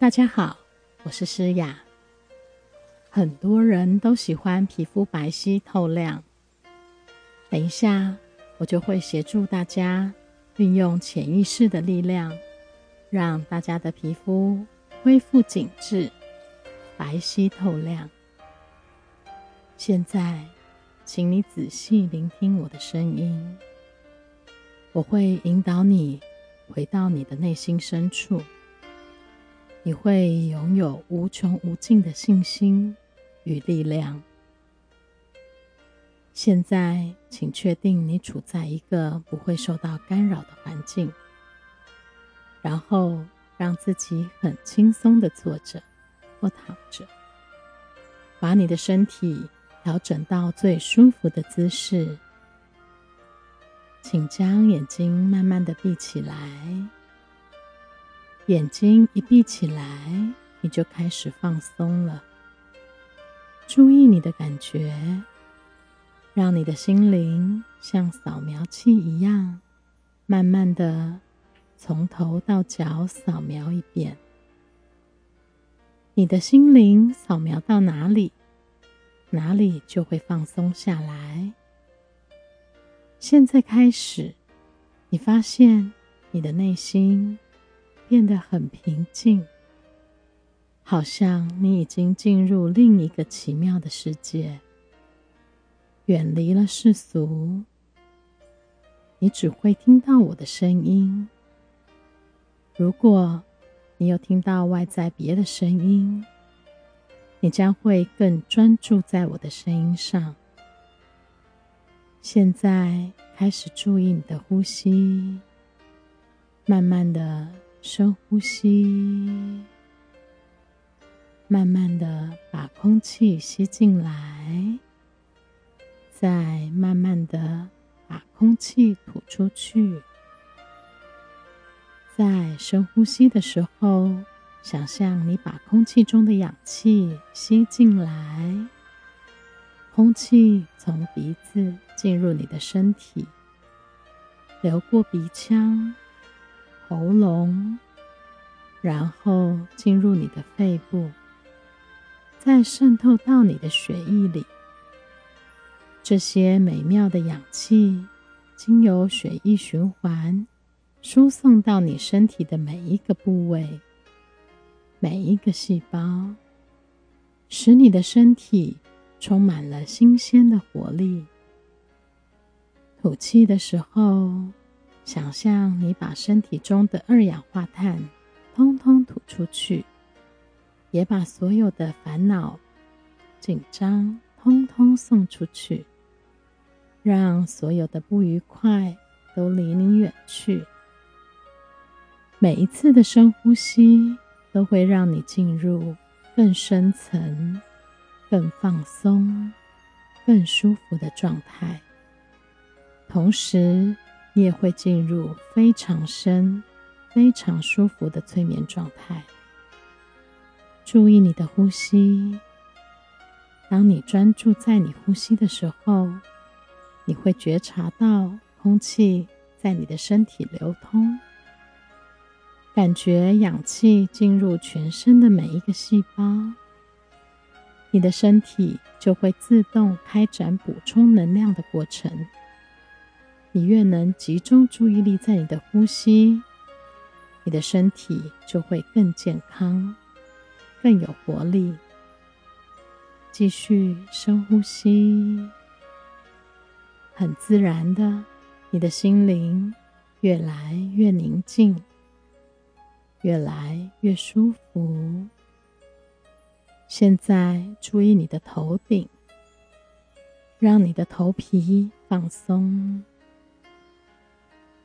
大家好，我是詩雅。很多人都喜歡皮膚白皙透亮。等一下，我就會協助大家運用潛意識的力量，讓大家的皮膚恢復緊緻、白皙透亮。現在，請你仔細聆聽我的聲音，我會引導你回到你的內心深處。你會擁有無窮無盡的信心與力量。現在，請確定你處在一個不會受到干擾的環境，然後讓自己很輕鬆的坐着或躺着，把你的身體調整到最舒服的姿勢。請將眼睛慢慢的閉起來。眼睛一閉起來，你就開始放鬆了。注意你的感覺，讓你的心靈像掃描器一樣，慢慢的從頭到腳掃描一遍。你的心靈掃描到哪裡，哪裡就會放鬆下來。現在開始，你發現你的內心。變得很平靜，好像你已經進入另一個奇妙的世界，遠離了世俗。你只會聽到我的聲音。如果你有聽到外在別的聲音，你將會更專注在我的聲音上。現在開始注意你的呼吸，慢慢的。深呼吸，慢慢的把空氣吸進來，再慢慢的把空氣吐出去。在深呼吸的時候，想象你把空氣中的氧氣吸進來，空氣從鼻子進入你的身體，流過鼻腔。喉嚨，然後進入你的肺部，再滲透到你的血液裡。這些美妙的氧氣，經由血液循環，輸送到你身體的每一個部位、每一個細胞，使你的身體充滿了新鮮的活力。吐氣的時候。想象你把身體中的二氧化碳通通吐出去，也把所有的煩惱、緊張通通送出去，讓所有的不愉快都離你遠去。每一次的深呼吸都會讓你進入更深層、更放鬆、更舒服的狀態。同時，你也會進入非常深、非常舒服的催眠狀態。注意你的呼吸。當你專注在你呼吸的時候，你會覺察到空氣在你的身體流通，感覺氧氣進入全身的每一個細胞，你的身體就會自動開展補充能量的過程。你越能集中注意力在你的呼吸，你的身體就會更健康、更有活力。繼續深呼吸，很自然的，你的心靈越來越寧靜，越來越舒服。現在注意你的頭頂，讓你的頭皮放鬆。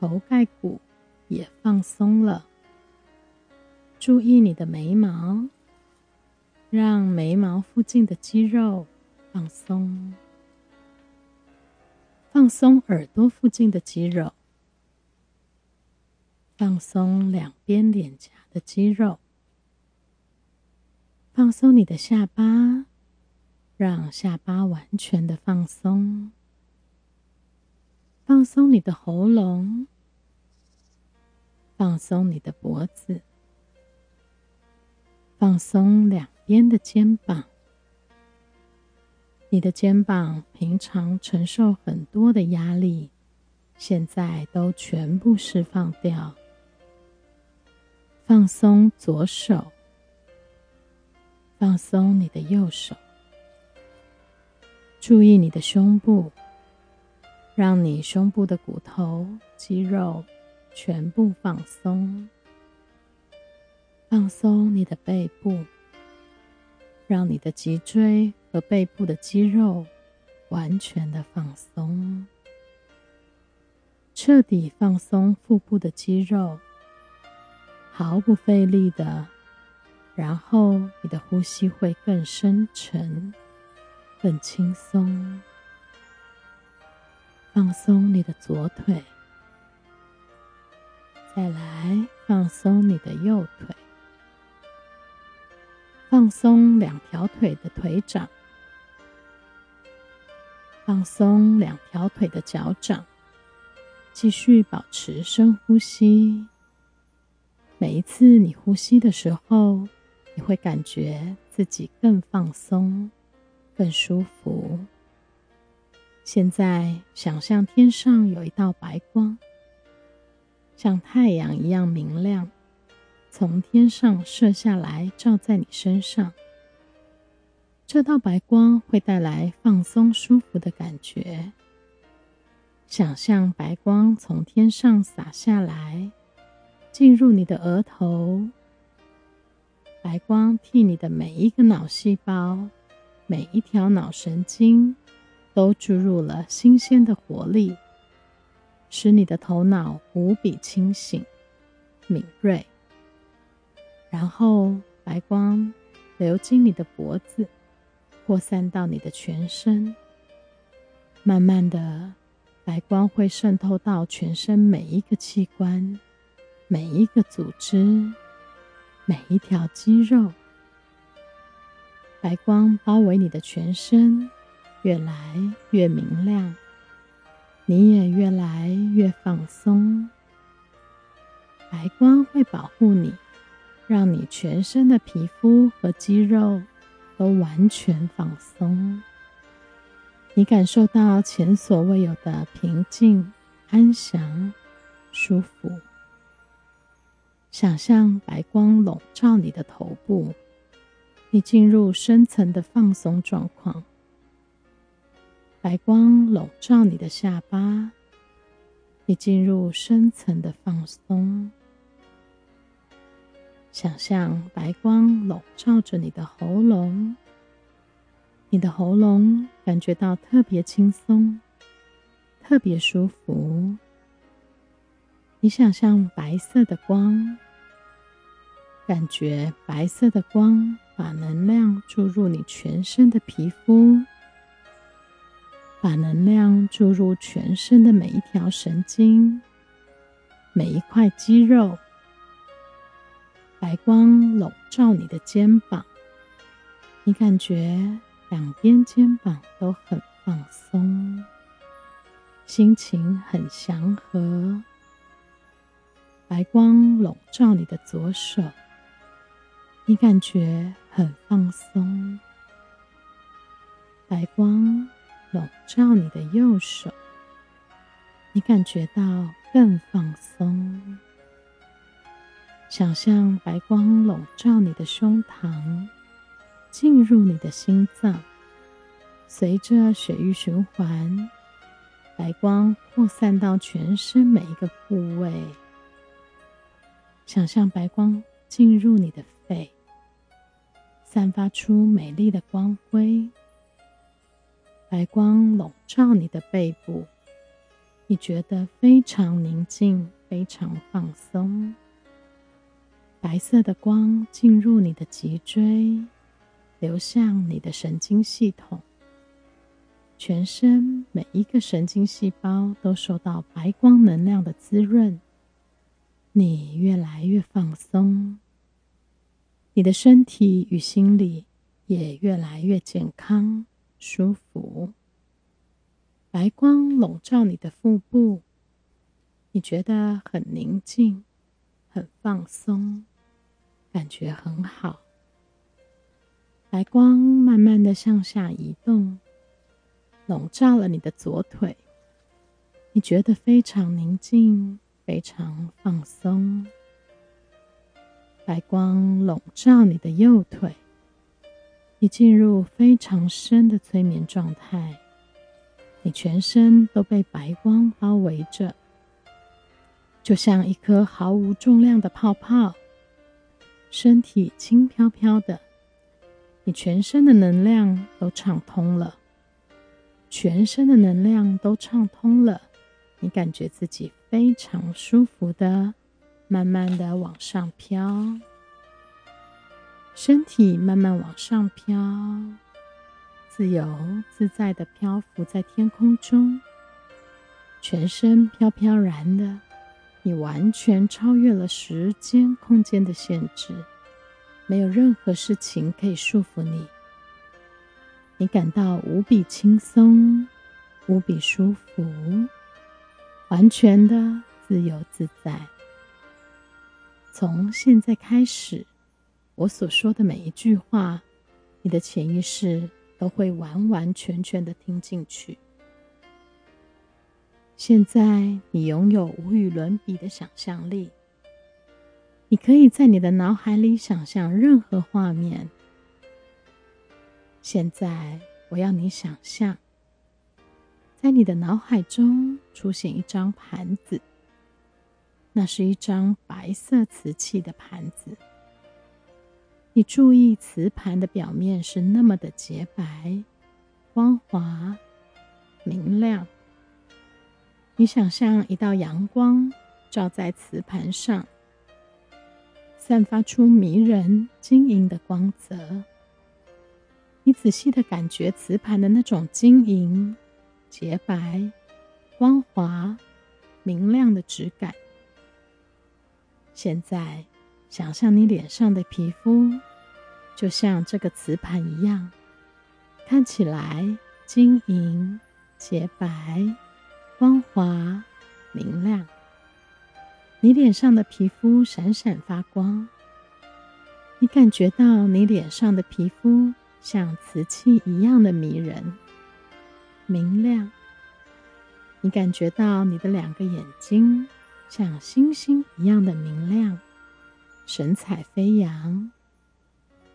頭蓋骨也放鬆了。注意你的眉毛，讓眉毛附近的肌肉放鬆，放鬆耳朵附近的肌肉，放鬆兩邊臉頰的肌肉，放鬆你的下巴，讓下巴完全的放鬆。放鬆你的喉嚨，放鬆你的脖子，放鬆兩邊的肩膀。你的肩膀平常承受很多的壓力，現在都全部釋放掉。放鬆左手，放鬆你的右手。注意你的胸部。讓你胸部的骨頭、肌肉全部放鬆，放鬆你的背部，讓你的脊椎和背部的肌肉完全的放鬆，徹底放鬆腹部的肌肉，毫不費力的，然後你的呼吸會更深沉、更輕鬆。放鬆你的左腿，再來放鬆你的右腿，放鬆兩條腿的腿掌，放鬆兩條腿的腳掌，繼續保持深呼吸。每一次你呼吸的時候，你會感覺自己更放鬆、更舒服。現在想象天上有一道白光，像太陽一樣明亮，從天上射下來，照在你身上。這道白光會帶來放鬆、舒服的感覺。想象白光從天上灑下來，進入你的額頭。白光替你的每一個腦細胞、每一條腦神經。都注入了新鮮的活力，使你的頭腦無比清醒、敏銳。然後，白光流經你的脖子，擴散到你的全身。慢慢的，白光會滲透到全身每一個器官、每一個組織、每一條肌肉。白光包圍你的全身。越來越明亮，你也越來越放鬆。白光會保護你，讓你全身的皮膚和肌肉都完全放鬆。你感受到前所未有的平靜、安詳、舒服。想象白光籠罩你的頭部，你進入深層的放鬆狀況。白光籠罩你的下巴，你進入深層的放鬆。想象白光籠罩着你的喉嚨，你的喉嚨感覺到特別輕鬆，特別舒服。你想象白色的光，感覺白色的光把能量注入你全身的皮膚。把能量注入全身的每一條神經、每一塊肌肉。白光籠罩你的肩膀，你感覺兩邊肩膀都很放鬆，心情很祥和。白光籠罩你的左手，你感覺很放鬆。白光。籠罩你的右手，你感覺到更放鬆。想象白光籠罩你的胸膛，進入你的心臟，隨着血液循環，白光擴散到全身每一個部位。想象白光進入你的肺，散發出美麗的光輝。白光籠罩你的背部，你覺得非常寧靜，非常放鬆。白色的光進入你的脊椎，流向你的神經系統，全身每一個神經細胞都受到白光能量的滋潤。你越來越放鬆，你的身體與心理也越來越健康。舒服，白光籠罩你的腹部，你覺得很寧靜，很放鬆，感覺很好。白光慢慢的向下移動，籠罩了你的左腿，你覺得非常寧靜，非常放鬆。白光籠罩你的右腿。你進入非常深的催眠狀態，你全身都被白光包圍着，就像一顆毫無重量的泡泡，身體輕飄飄的，你全身的能量都暢通了，全身的能量都暢通了，你感覺自己非常舒服的，慢慢的往上飄。身體慢慢往上飄，自由自在地漂浮在天空中，全身飄飄然的。你完全超越了時間、空間的限制，沒有任何事情可以束縛你。你感到無比輕鬆，無比舒服，完全的自由自在。從現在開始，我所說的每一句話，你的潛意識都會完完全全的聽進去。現在你擁有無與倫比的想象力，你可以在你的腦海裡想象任何畫面。現在我要你想象，在你的腦海中出現一張盤子，那是一張白色瓷器的盤子。你注意，瓷盤的表面是那麼的潔白、光滑、明亮。你想象一道陽光照在瓷盤上，散發出迷人晶瑩的光澤。你仔細的感覺瓷盤的那種晶瑩、潔白、光滑、明亮的質感。現在，想象你臉上的皮膚。就像這個瓷盤一樣，看起來晶瑩、潔白、光滑、明亮。你臉上的皮膚閃閃發光，你感覺到你臉上的皮膚像瓷器一樣的迷人、明亮。你感覺到你的兩個眼睛像星星一樣的明亮，神采飛揚。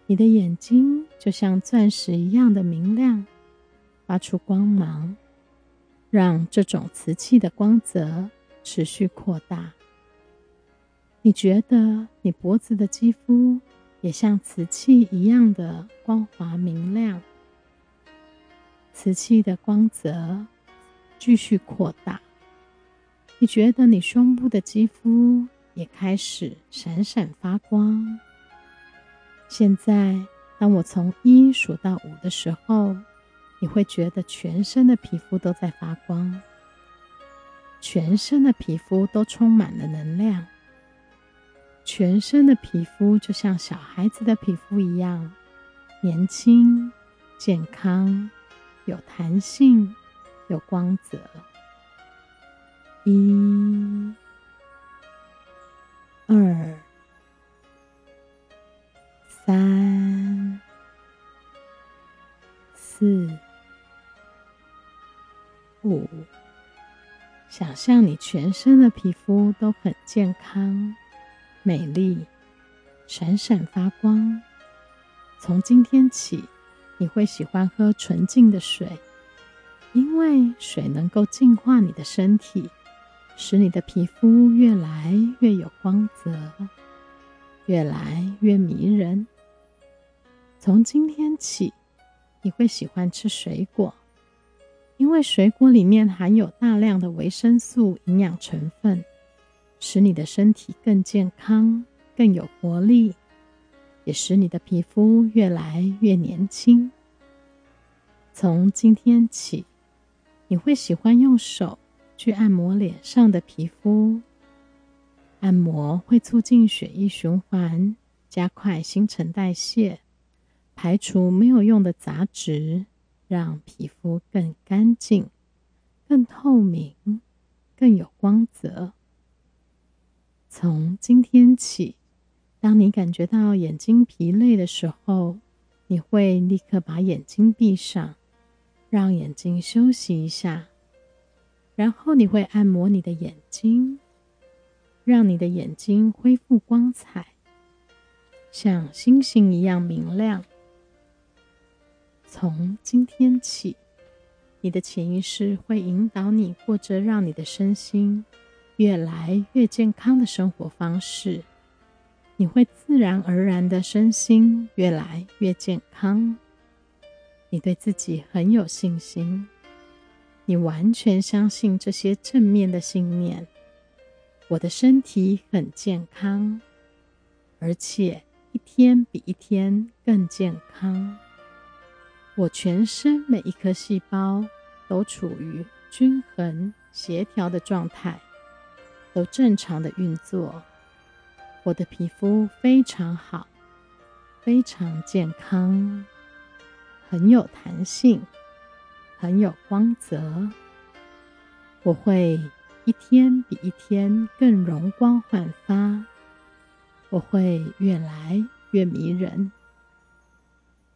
你的眼睛就像鑽石一樣的明亮，發出光芒，讓這種瓷器的光澤持續擴大。你覺得你脖子的肌膚也像瓷器一樣的光滑明亮，瓷器的光澤繼續擴大。你覺得你胸部的肌膚也開始閃閃發光。現在，當我從一數到五的時候，你會覺得全身的皮膚都在發光，全身的皮膚都充滿了能量，全身的皮膚就像小孩子的皮膚一樣，年輕、健康、有彈性、有光澤。一、二。三、四、五，想象你全身的皮膚都很健康、美麗、閃閃發光。從今天起，你會喜歡喝純淨的水，因為水能夠淨化你的身體，使你的皮膚越來越有光澤，越來越迷人。從今天起，你會喜歡吃水果，因為水果裡面含有大量的維生素、營養成分，使你的身體更健康、更有活力，也使你的皮膚越來越年輕。從今天起，你會喜歡用手去按摩臉上的皮膚，按摩會促進血液循環，加快新陳代謝。排除沒有用的雜質，讓皮膚更乾淨、更透明、更有光澤。從今天起，當你感覺到眼睛疲累的時候，你會立刻把眼睛閉上，讓眼睛休息一下，然後你會按摩你的眼睛，讓你的眼睛恢復光彩，像星星一樣明亮。從今天起，你的潛意識會引導你過著讓你的身心越來越健康的生活方式。你會自然而然的身心越來越健康。你對自己很有信心，你完全相信這些正面的信念。我的身體很健康，而且一天比一天更健康。我全身每一顆細胞都處於均衡協調的狀態，都正常的運作。我的皮膚非常好，非常健康，很有彈性，很有光澤。我會一天比一天更容光煥發，我會越來越迷人，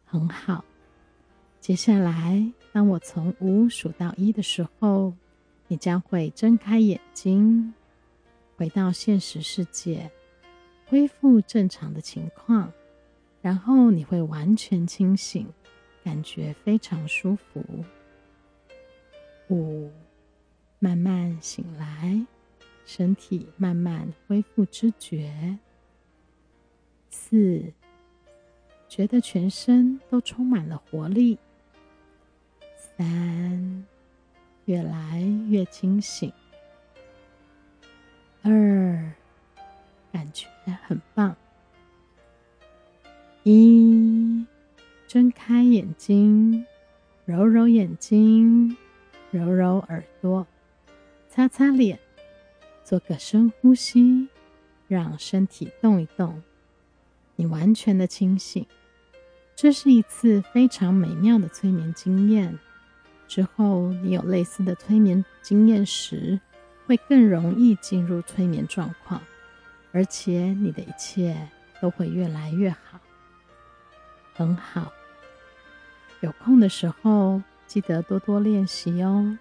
很好。接下來，當我從五數到一的時候，你將會睜開眼睛，回到現實世界，恢復正常的情況，然後你會完全清醒，感覺非常舒服。五，慢慢醒來，身體慢慢恢復知覺。四，覺得全身都充滿了活力。三，越來越清醒。二，感覺很棒。一，睜開眼睛，揉揉眼睛，揉揉耳朵，擦擦臉，做個深呼吸，讓身體動一動。你完全的清醒。這是一次非常美妙的催眠經驗。之後，你有類似的催眠經驗時，會更容易進入催眠狀況，而且你的一切都會越來越好。很好。有空的時候記得多多練習哦，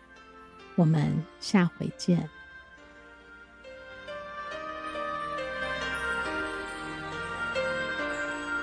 我們下回見。